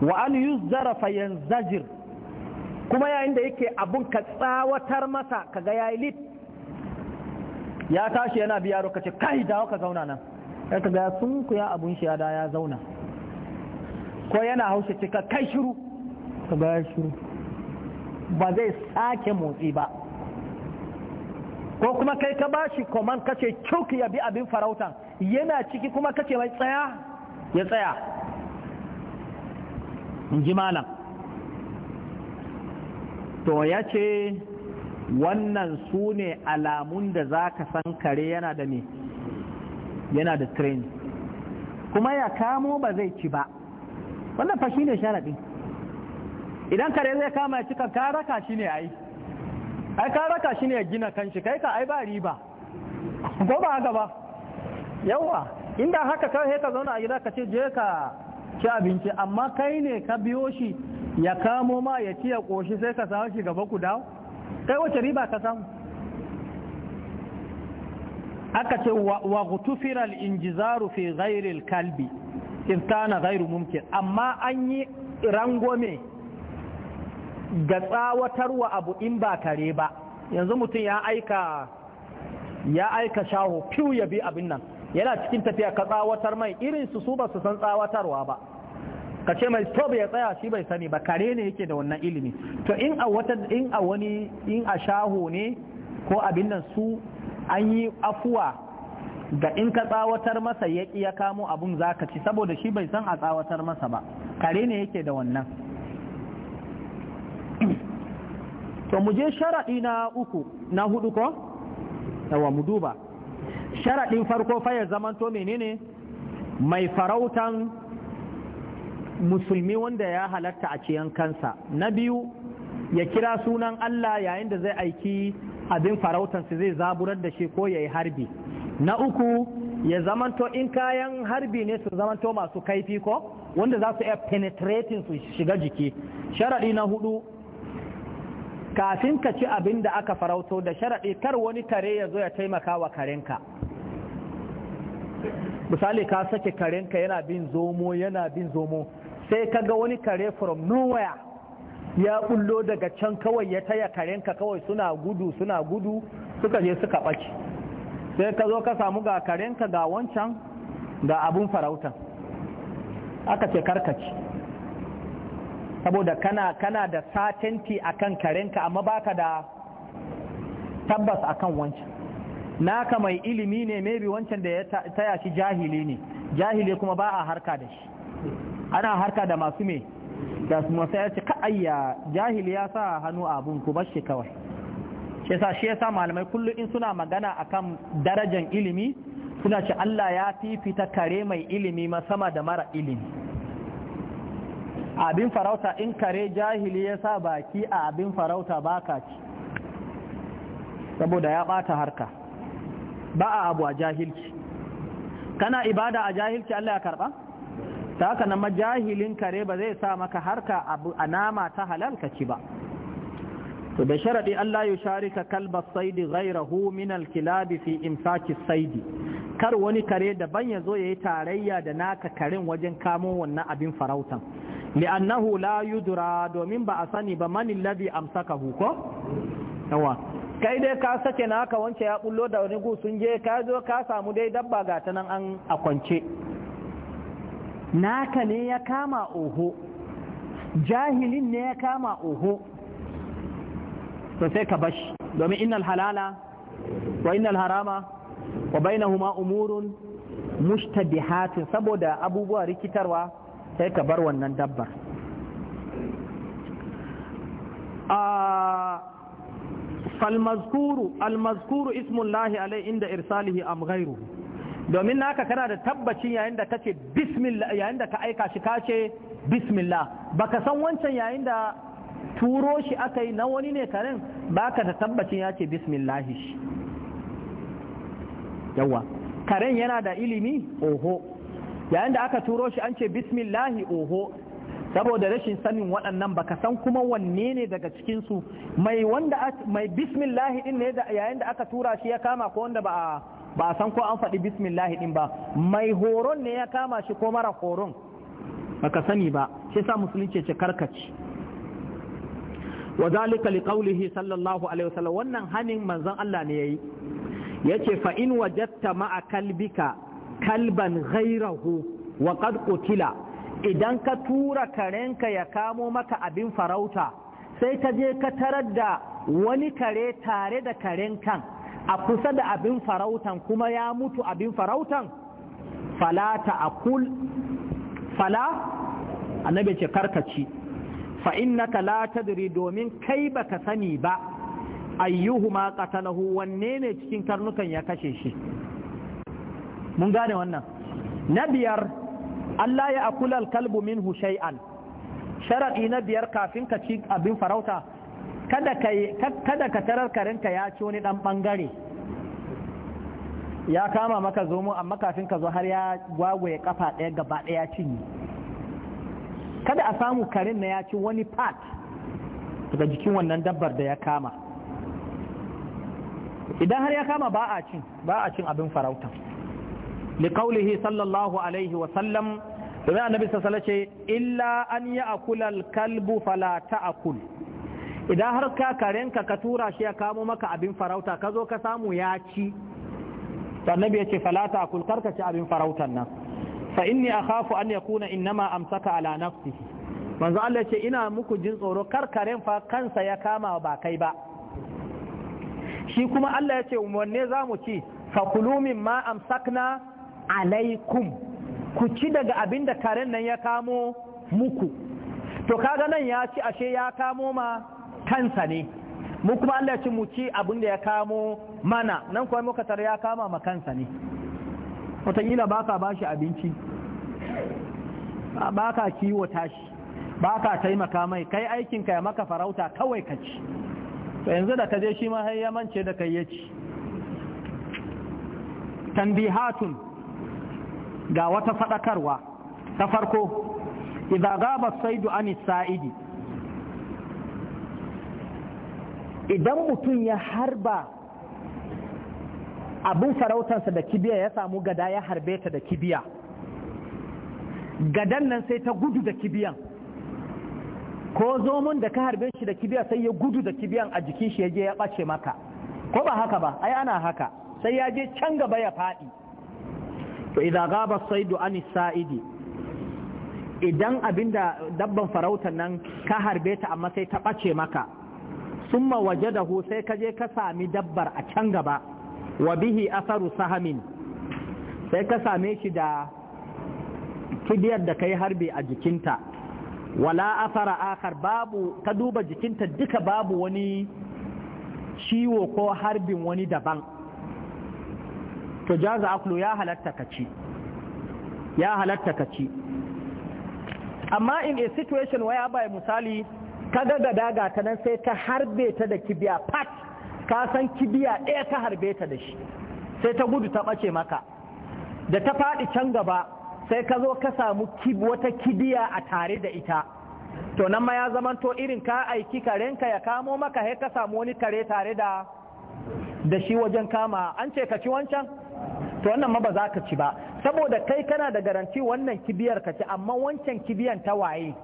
wa an yuzzara fa yanzajir kuma yayin da yake abun ka tsawatar masa kaga yayi lit ya tashi yana biya ka ce kai dawo ka zauna nan ka ga sun ku ya abun shi ya da ya zauna ko yana haushe ce ka kai shiru ka ga shiru ba zai sake motsi ba ko kuma kai ka bashi ka kace cuk ya bi abin farautan yana ciki kuma kake mai tsaya ya tsaya in ji malam to ya ce wannan su ne alamun da za ka san kare yana da ne yana da train kuma ya kamo ba zai ci ba wannan fa ne sharaɗi idan kare zai kama ya cika ka shi ne ai ai ka shi ne ya gina kanshi kai ka ai ba riba ko ba haka ba yawa inda haka kawai ka zauna a gida ka ce je ka ci abinci amma kai ne ka biyo shi ya kamo ma ya ci ya koshi sai ka samu shi gaba ku dawo kai wace riba ka samu aka ce wa gutufira al-injizaru fi ghairil kalbi irtana ghairu mumkin amma an yi rangwame ga tsawatarwa abu in ba kare ba yanzu mutum ya aika ya aika shaho fiw ya bi abin nan yana cikin tafiya ka tsawatar mai irin su su ba su san tsawatarwa ba ka ce mai stop ya tsaya shi bai sani ba kare ne yake da wannan ilimi to in a wata in a wani in a shaho ne ko abin nan su an yi afuwa ga in ka tsawatar masa ya ya kamo abun zaka ci saboda shi bai san a tsawatar masa ba kare ne yake da wannan to mu je sharadi na uku na hudu ko yawa mu duba sharaɗin farko fa ya zamanto menene mai farautan musulmi wanda ya halatta a ciyan kansa na biyu ya kira sunan Allah yayin da zai aiki abin farautansa zai zaburar da shi ko ya yi harbi na uku ya zamanto in kayan harbi ne su zamanto masu kaifi ko wanda za su iya penetrating su shiga jiki sharaɗi na hudu kafin ka ci abin da aka farauto da sharaɗi kar wani kare ya zo ya taimaka wa karenka misali ka sake karenka yana bin zomo yana bin zomo sai ka ga wani kare from nowhere ya bullo daga can kawai ya taya karenka kawai suna gudu suna gudu suka je suka ɓaci. sai ka zo ka samu ga karenka ga wancan ga abin farautan aka ce karkaci saboda kana kana da satanti akan karenka amma baka da tabbas akan wancan naka mai ilimi ne maybe wancan da ya taya shi jahili ne jahili kuma ba a harka da shi ana harka da masu me da su masu ya ce ka'ayya jahili ya sa hannu abun ku bashi shi kawai shi yasa shi yasa malamai kullum in suna magana akan darajan ilimi suna ce Allah ya fifita kare mai ilimi ma sama da mara ilimi abin farauta in kare jahili ya sa baki a abin farauta baka ci saboda ya bata harka ba a abu a jahilci kana ibada a jahilci Allah ya karba ta haka na majahilin kare ba zai sa maka harka abu a nama ta halal ka ci ba to da sharadi Allah ya sharika kalbar saidi ghairahu min alkilabi fi imsaki saidi kar wani kare daban ya zo ya yi tarayya da naka karin wajen kamo wannan abin farautan li'annahu la yudra domin ba a sani ba man alladhi amsakahu ko yawa kai dai ka sake naka wance ya bullo da wani sun je ka zo ka samu dai dabba ga ta nan an a kwance naka ne ya kama oho jahilin ne ya kama oho to sai ka bashi domin innal halala wa innal harama wa bainahuma umurun mushtabihatin saboda abubuwa rikitarwa sai ka bar wannan dabbar falmazkuru almazkuru ismullahi alai inda irsalihi am ghairu domin naka kana da tabbaci yayin da kace bismillah yayin da ka aika shi kace bismillah baka san wancan yayin da turo shi aka yi na wani ne karen baka da tabbacin ya ce bismillah shi yawa karen yana da ilimi oho yayin da aka turo shi an ce bismillahi oho saboda rashin sanin waɗannan baka san kuma wanne ne daga cikin su mai wanda mai bismillahi din ne yayin da aka tura shi ya kama ko wanda ba ba san ko an faɗi bismillahi din ba mai horon ne ya kama shi ko mara horon baka sani ba shi sa musulunci ce karkaci Wazalikali kaulihi liqaulihi sallallahu alaihi wasallam wannan hanin manzon Allah ne yayi yace fa in wajadta ma'a kalbika kalban ghairahu wa qad qutila idan ka tura karenka ya kamo maka abin farauta sai ka je ka tarar da wani kare tare da karen kan a kusa da abin farautan kuma ya mutu abin farautan fala ta akul fala annabi ce karkaci fa innaka la tadri domin kai baka sani ba ayyuhuma qatalahu wanne ne cikin karnukan ya kashe shi mun gane wannan na biyar Allah ya akula alkalbu minhu shay'an sharadi na biyar kafin ka ci abin farauta kada ka kada ka tarar karinka ya ci wani dan bangare ya kama maka zomo amma kafin ka zo har ya gwagwaye kafa daya gaba daya cinye kada a samu karin na ya ci wani part daga jikin wannan dabbar da ya kama idan har ya kama ba a cin ba a cin abin farauta liƙaulihi sallallahu alaihi wasallam domin annabi sassala ce illa an yi akulal kalbu fala ta'akul idan har ka karenka ka tura shi ya kamo maka abin farauta ka zo ka samu ya ci annabi falata ce fala ta'akul karka ci abin farautan nan fa inni akhafu an yakuna innama amsaka ala nafsihi manzo Allah ce ina muku jin tsoro karkaren fa kansa ya kama ba kai ba shi kuma Allah yace ce wanne zamu ci fakulumin ma mimma amsakna alaikum ku ci daga abin da karen nan ya kamo muku to kaga nan ya ci ashe ya kamo ma kansa ne mu kuma Allah ci mu ci abin da ya kamo mana nan kuma muka tare ya kama ma kansa ne Watakila ba ka bashi abinci ba ka tashi, baka taimaka mai kai aikinka ya maka farauta kawai ka ci to yanzu da ka je shi ma har ya mance da kai ya ci tanbihatun ga wata faɗakarwa ta farko idza gaba saidu anis sa'idi idan mutum ya harba abin farautarsa da kibiya ya samu gada ya harbe ta da kibiya gadan nan sai ta gudu da kibiyan ko zomon da ka harbe shi da kibiya sai ya gudu da kibiyan a jikin shi ya je ya ɓace maka ko ba haka ba ai ana haka sai ya je can gaba ya faɗi to ga ba saidu an sa'idi idan abinda dabban farautar nan ka harbe ta amma sai ta ɓace maka summa wajadahu sai ka je ka sami dabbar a can gaba wa bihi asaru sahamin sai ka same shi da kidiyar da kai harbi a jikinta wala asara akar babu ka duba jikinta duka babu wani ciwo ko harbin wani daban to jaza aklu ya halatta ka ci ya halatta ka amma in a situation waya bai misali ka da daga ta nan sai ta harbe ta da kibiya pat ka san kibiya ɗaya ta harbe ta da shi sai ta gudu ta ɓace maka da ta faɗi can gaba sai ka zo ka samu wata kibiya a tare da ita to nan ma ya zamanto irin ka aiki karenka ya kamo maka sai ka samu wani kare tare da da shi wajen kama an ce ka ci wancan to wannan ma ba za ka ci ba saboda kai kana da garanti wannan kibiyar ka ci amma wancan kibiyan ta waye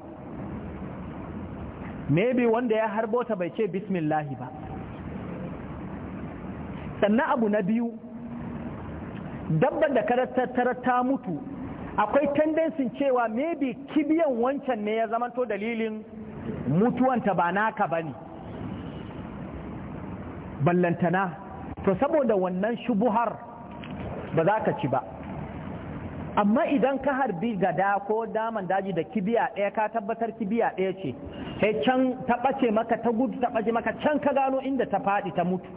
maybe wanda ya harbo ta bai ce bismillah ba sannan abu na biyu dabban da karattara ta mutu akwai tendensin cewa maybe kibiyan wancan ne ya zamanto dalilin mutuwanta ba naka ba ne ballantana to saboda wannan shubuhar ba za ka ci ba amma idan ka harbi gada ko daman daji da kibiya ɗaya ka tabbatar kibiya ɗaya ce sai can ta ɓace maka ta gudu ta ɓace maka can ka gano inda ta faɗi ta mutu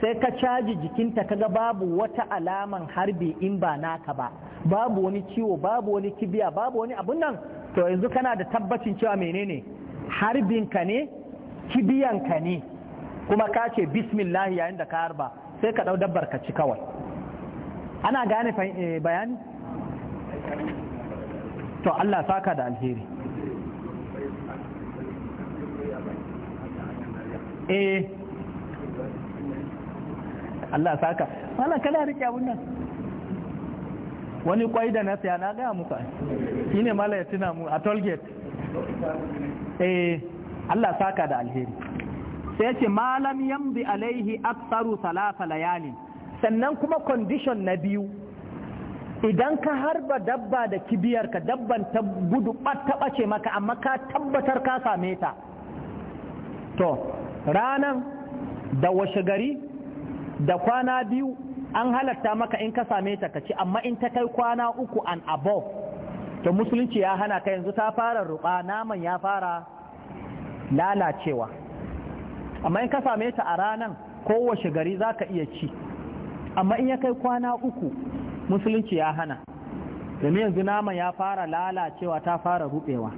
sai ka caji jikinta kaga babu wata alaman harbi in ba naka ba babu wani ciwo babu wani kibiya babu wani abun nan to yanzu kana da tabbacin cewa menene harbinka ne kibiyanka ne kuma ka ce bismillah yayin da ka harba sai ka ɗau dabbar ka ci kawai ana gane eh, bayani to Allah saka da alheri eh Allah saka wala kana rike abun nan wani kwai da na tsaya na gaya muka shi ne mala ya tuna mu a tollgate eh Allah saka da alheri sai ce malam yambi alaihi aksaru salafa layalin sannan kuma condition na biyu idan ka harba dabba da kibiyarka dabban ta gudu ta ce maka amma ka tabbatar ka same ta to ranan da washe gari da kwana biyu an halatta maka in ka same ta kaci amma in ta kai kwana uku an above to musulunci ya hana ka yanzu ta fara ruba naman ya fara lalacewa amma in ka same ta a ranan ko washe gari za ka iya ci amma in ya kai kwana uku musulunci ya hana domin yanzu nama ya fara lalacewa ta fara rubewa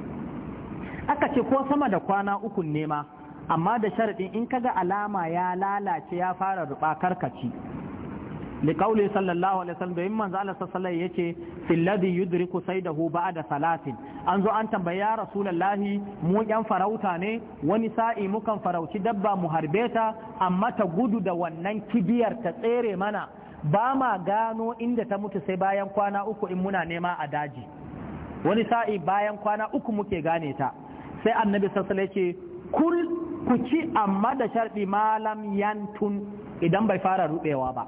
aka ce ko sama da kwana uku nema amma da sharaɗin in kaga alama ya lalace ya fara ruɓa kaci liƙauli sallallahu alaihi wasallam domin manzo Allah sallallahu ya ce filladhi yudriku ba'da salatin an zo an tambayi ya rasulullahi mu yan farauta ne wani sa'i mukan farauci dabba mu harbe ta amma ta gudu da wannan kibiyar ta tsere mana ba ma gano inda ta mutu sai bayan kwana uku in muna nema a daji wani sa'i bayan kwana uku muke gane ta sai annabi sallallahu ya ce kul ku ci amma da sharɗi malam yantun idan bai fara ruɓewa ba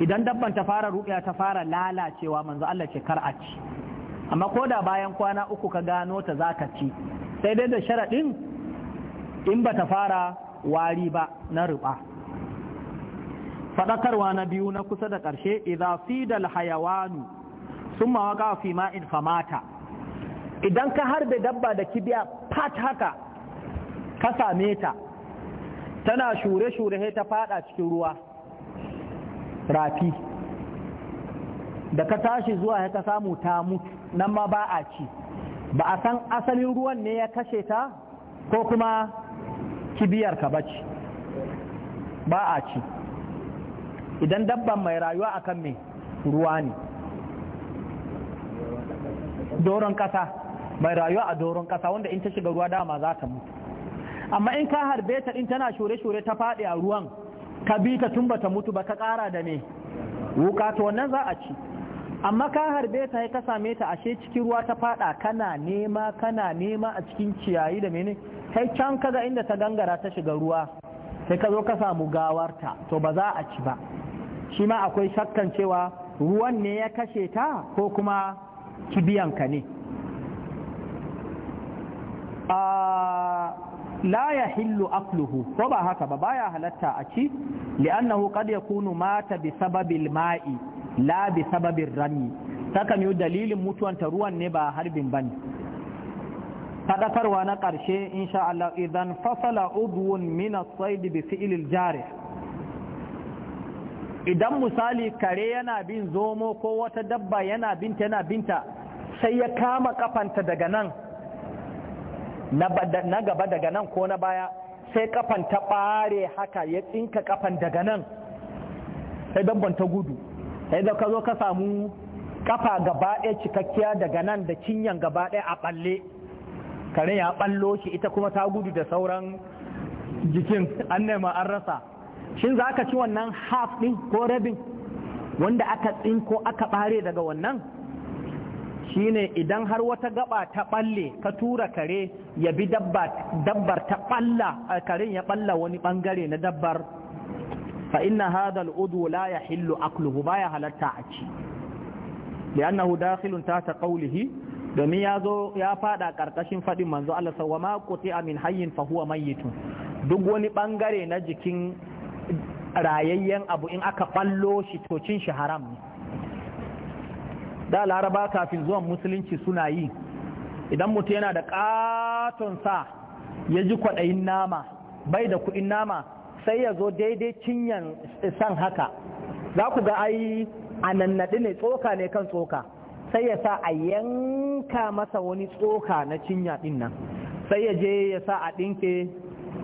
idan dabban ta fara rubiya ta fara lalacewa manzo Allah ce kar a ci amma ko da bayan kwana uku ka gano ta za ka ci sai dai da sharaɗin in ba ta fara wari ba na ruɓa faɗakarwa na biyu na kusa da ƙarshe idza fidal hayawanu ma waqa fi ma'in famata idan ka harbe dabba da kibiya fat haka ka same ta tana shure-shure ta fada cikin ruwa rafi da ka tashi zuwa ya ka samu ta mutu nan ma ba a ci ba a san asalin ruwan ne ya kashe ta ko kuma kibiyar ka bace ba a ci idan dabban mai rayuwa akan mai ruwa ne doron kasa mai rayuwa a doron kasa wanda in ta shiga ruwa dama za ta mutu amma in ka harbe ta in tana shure-shure ta faɗi a ruwan ka bi ta tun bata mutu ba ka ƙara da me wuka to wannan za a ci amma ka harbe ta ka same ta ashe cikin ruwa ta fada kana nema kana nema a cikin ciyayi da mene kai can kaga inda ta gangara ta shiga ruwa sai ka zo ka samu gawarta to ba za a ci ba shi ma akwai shakkan cewa ruwan ne ya kashe ta ko kuma kibiyanka ne ah, la ya hillu afluhu ko ba haka ba baya halatta a ci li'annahu qad kunu mata bi sababil ma'i la sababin rami takan dalilin mutuwan ta ruwan ne ba harbin ban. faɗakarwa na ƙarshe insha Allah idan fasala udwun min as-sayd bi fi'l al-jarih idan misali kare yana bin zomo ko wata dabba yana binta yana binta sai ya kama ƙafanta daga nan na gaba daga nan ko na baya sai kafan ta bare haka ya tsinka kafan daga nan sai dabban ta gudu sai da ka zo ka samu kafa gaba ɗaya cikakkiya daga nan da cinyan gaba ɗaya a balle kare ya ɓallo shi ita kuma ta gudu da sauran jikin an nema an rasa shin za ka ci wannan half ɗin ko rabin wanda aka tsinko aka ɓare daga wannan shine idan har wata gaba ta balle ka tura kare ya bi dabbar ta balla a karen ya balla wani bangare na dabbar fa inna hadha al-udwu la yahillu akluhu baya halatta a ci li'annahu ta ta qawlihi domin ya zo ya fada karkashin fadin manzo Allah sa wa ma quti'a min hayyin fa huwa duk wani bangare na jikin rayayyen abu in aka ballo shi to cin shi haram ne da laraba kafin zuwan musulunci suna yi idan mutu yana da katon sa ya ji kwaɗayin nama bai da kuɗin nama sai ya zo daidai cinyan san haka za ku ga ai a ne tsoka ne kan tsoka sai ya sa a yanka masa wani tsoka na cinya ɗin nan sai ya je ya sa a ɗinke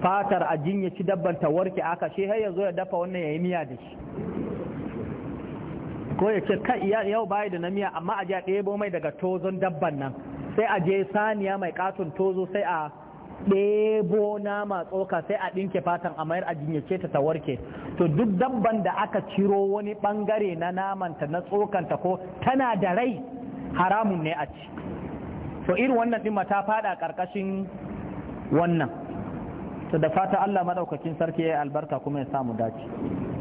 fatar a jinya ci dabban ta warke aka shi har ya zo ya dafa wannan ya yi miya da shi ko ya ce yau bayi da namiya amma a a ɗebo mai daga tozon dabban nan sai a je saniya mai katon tozo sai a ɗebo nama tsoka sai a ɗinke fatan a mayar a jinyace ta ta warke to duk dabban da aka ciro wani bangare na namanta na tsokanta ko tana da rai haramun ne a ci to irin wannan ɗin ta faɗa karkashin wannan to da fata Allah maɗaukacin sarki ya albarka kuma ya samu dace